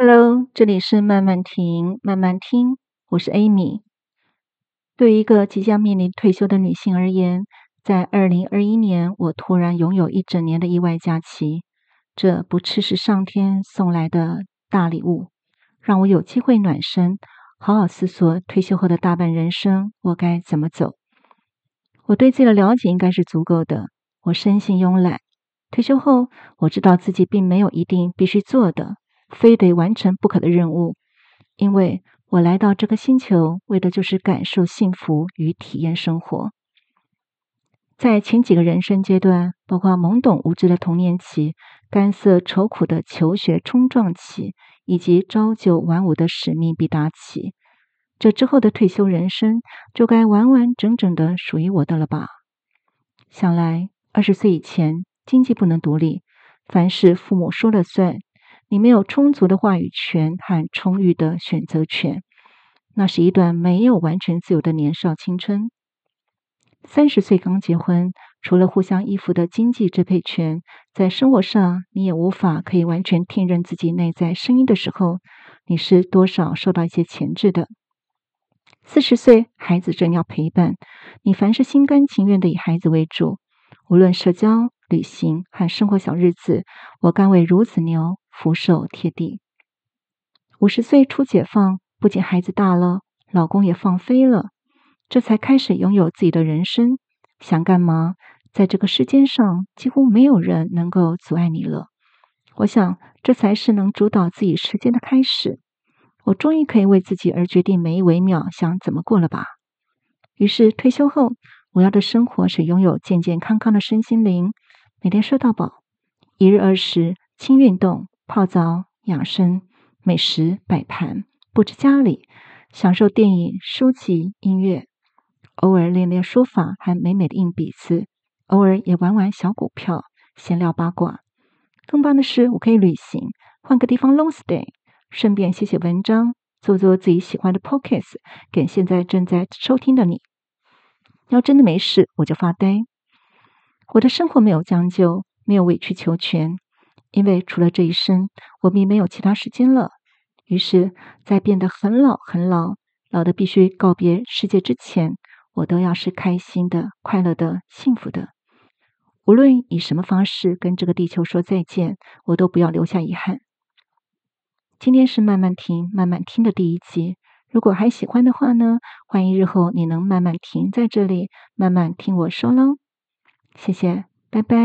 哈嘍，這裡是慢慢停，慢慢聽，我是 Amy。對於一個即將面臨退休的女性而言，在2021年，我突然擁有一整年的意外假期，這不啻是上天送來的大禮物，讓我有機會暖身，好好思索退休後的大半人生我該怎麼走。我對自己的了解應該是足夠的，我深信慵懶，退休後我知道自己並沒有一定必須做的。非得完成不可的任務，因為我來到這個星球為的就是感受幸福與體驗生活。在前幾個人生階段，包括懵懂無知的童年期、乾澀愁苦的求學衝撞期，以及朝九晚五的使命必達期，這之後的退休人生就該完完整整的屬於我的了吧？想來二十歲以前經濟不能獨立，凡事父母說了算。你沒有充足的話語權和充裕的選擇權，那是一段沒有完全自由的年少青春。三十歲剛結婚，除了互相依附的經濟支配權，在生活上你也無法可以完全聽任自己內在聲音的時候，你是多少受到一些牽制的。四十歲，孩子正要陪伴，你凡事心甘情願的以孩子為主，無論社交、旅行和生活小日子，我甘為孺子牛。福壽貼地。五十歲初解放，不僅孩子大了，老公也放飛了，這才開始擁有自己的人生，想幹嘛？在這個世間上，幾乎沒有人能夠阻礙你了。我想，這才是能主導自己時間的開始。我終於可以為自己而決定每一微秒想怎麼過了吧。於是退休後，我要的生活是擁有健健康康的身心靈，每天睡到飽，一日二食輕運動。泡澡養生，美食擺盤布置家裡，享受電影書籍音樂，偶爾練練書法，還美美的硬筆字，偶爾也玩玩小股票，閒聊八卦。更棒的是，我可以旅行，換個地方 long stay，順便寫寫文章，做做自己喜歡的 podcast，給現在正在收聽的你。要真的沒事，我就發呆。我的生活沒有將就，沒有委曲求全。因為除了這一生，我並沒有其他時間了。於是，在變得很老、很老、老得必須告別世界之前，我都要是開心的、快樂的、幸福的。無論以什麼方式跟這個地球說再見，我都不要留下遺憾。今天是慢慢聽、慢慢聽的第一集。如果還喜歡的話呢，歡迎日後你能慢慢停在這裡慢慢聽我說嘍。謝謝，拜拜。